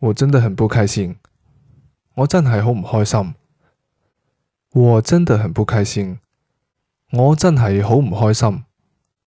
我真的很不開心，我真係好唔開心，我真的很不開心，我真係好唔開心。